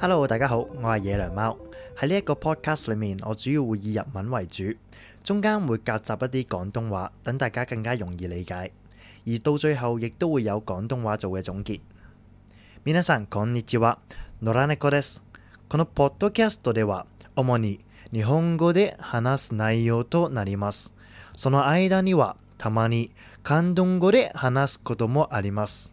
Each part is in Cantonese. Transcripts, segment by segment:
Hello，大家好，我係野良貓。喺呢一個 podcast 裏面，我主要會以日文為主，中間會夾雜一啲廣東話，等大家更加容易理解。而到最後亦都會有廣東話做嘅總結。みなさん、こんにちは。野良貓です。このポッドキャストでは主に日本語で話す內容となります。その間にはたまに広東語で話すこともあります。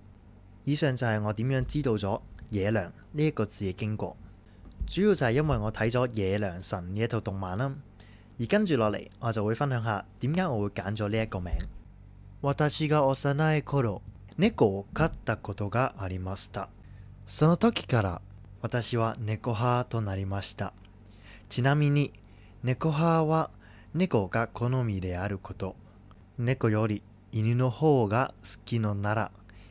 以上就係我點樣知道咗野良呢一個字嘅經過，主要就係因為我睇咗《野良神》呢一套動漫啦。而跟住落嚟，我就會分享下點解我會揀咗呢一個名。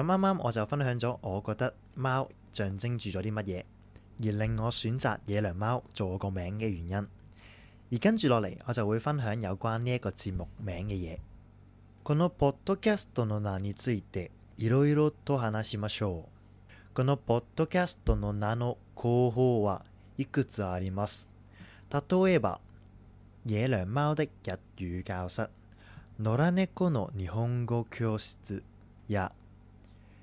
咁啱啱我就分享咗，我覺得貓象徵住咗啲乜嘢，而令我選擇野良貓做我個名嘅原因。而跟住落嚟，我就會分享有關呢一個節目名嘅嘢。このポッドキャストの名について、色々と話しましょう。このポッドキャストの名の候補はいくつあります。例えば、野良貓的日語教室、野良貓の日本語教室や。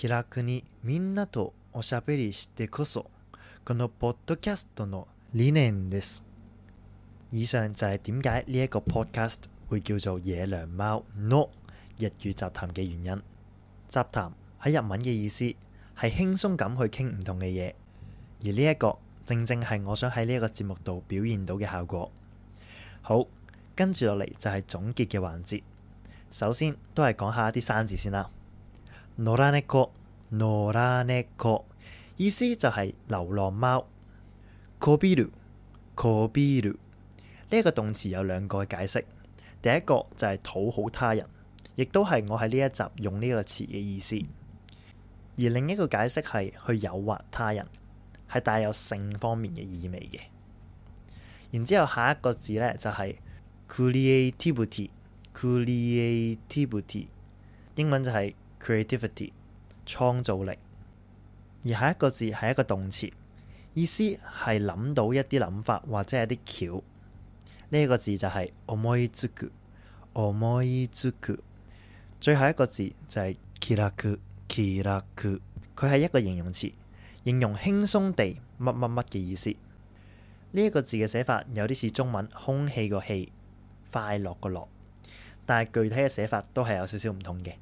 以上就みん係點解呢一個 podcast 會叫做野良貓 No 日語雜談嘅原因。雜談喺日文嘅意思係輕鬆咁去傾唔同嘅嘢，而呢一個正正係我想喺呢一個節目度表現到嘅效果。好，跟住落嚟就係總結嘅環節。首先都係講一下一啲生字先啦。野良貓，野良貓意思就係流浪貓。媚びる，媚びる呢一個動詞有兩個解釋，第一個就係討好他人，亦都係我喺呢一集用呢個詞嘅意思。而另一個解釋係去誘惑他人，係帶有性方面嘅意味嘅。然之後下一個字呢，就係 creativity creativity 英文就係、是。creativity，創造力，而下一個字係一個動詞，意思係諗到一啲諗法或者係啲橋。呢一個字就係思いつく、思いつく。最後一個字就係気楽、気楽。佢係一個形容詞，形容輕鬆地乜乜乜嘅意思。呢一個字嘅寫法有啲似中文，空氣個氣、快樂個樂，但係具體嘅寫法都係有少少唔同嘅。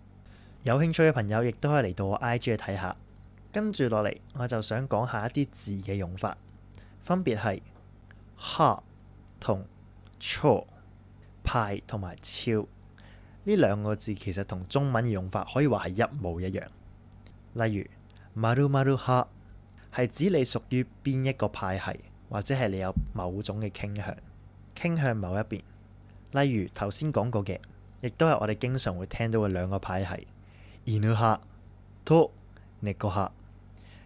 有興趣嘅朋友亦都可以嚟到我 I G 去睇下。跟住落嚟，我就想講一下一啲字嘅用法，分別係哈同 chou，派同埋超呢兩個字，其實同中文嘅用法可以話係一模一樣。例如 maru maru 哈係指你屬於邊一個派系，或者係你有某種嘅傾向，傾向某一邊。例如頭先講過嘅，亦都係我哋經常會聽到嘅兩個派系。二號客，兔、尼克客、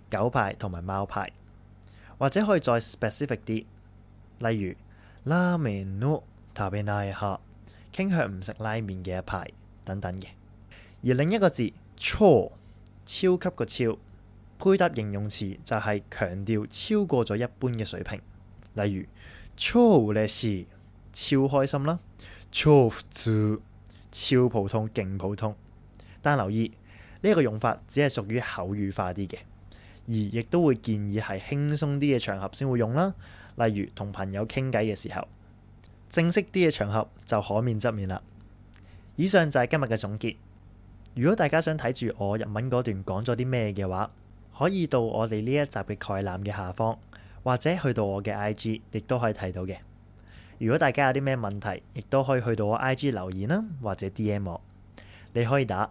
狗派同埋貓派，或者可以再 specific 啲，例如拉麵、no 特別 nice 客，傾向唔食拉麵嘅一派等等嘅。而另一個字超，超級個超，配搭形容詞就係強調超過咗一般嘅水平，例如超 happy，超開心啦；超普通，勁普通。單留意呢一，這個用法，只係屬於口語化啲嘅，而亦都會建議係輕鬆啲嘅場合先會用啦。例如同朋友傾偈嘅時候，正式啲嘅場合就可免側免啦。以上就係今日嘅總結。如果大家想睇住我日文嗰段講咗啲咩嘅話，可以到我哋呢一集嘅概覽嘅下方，或者去到我嘅 IG，亦都可以睇到嘅。如果大家有啲咩問題，亦都可以去到我 IG 留言啦、啊，或者 DM 我，你可以打。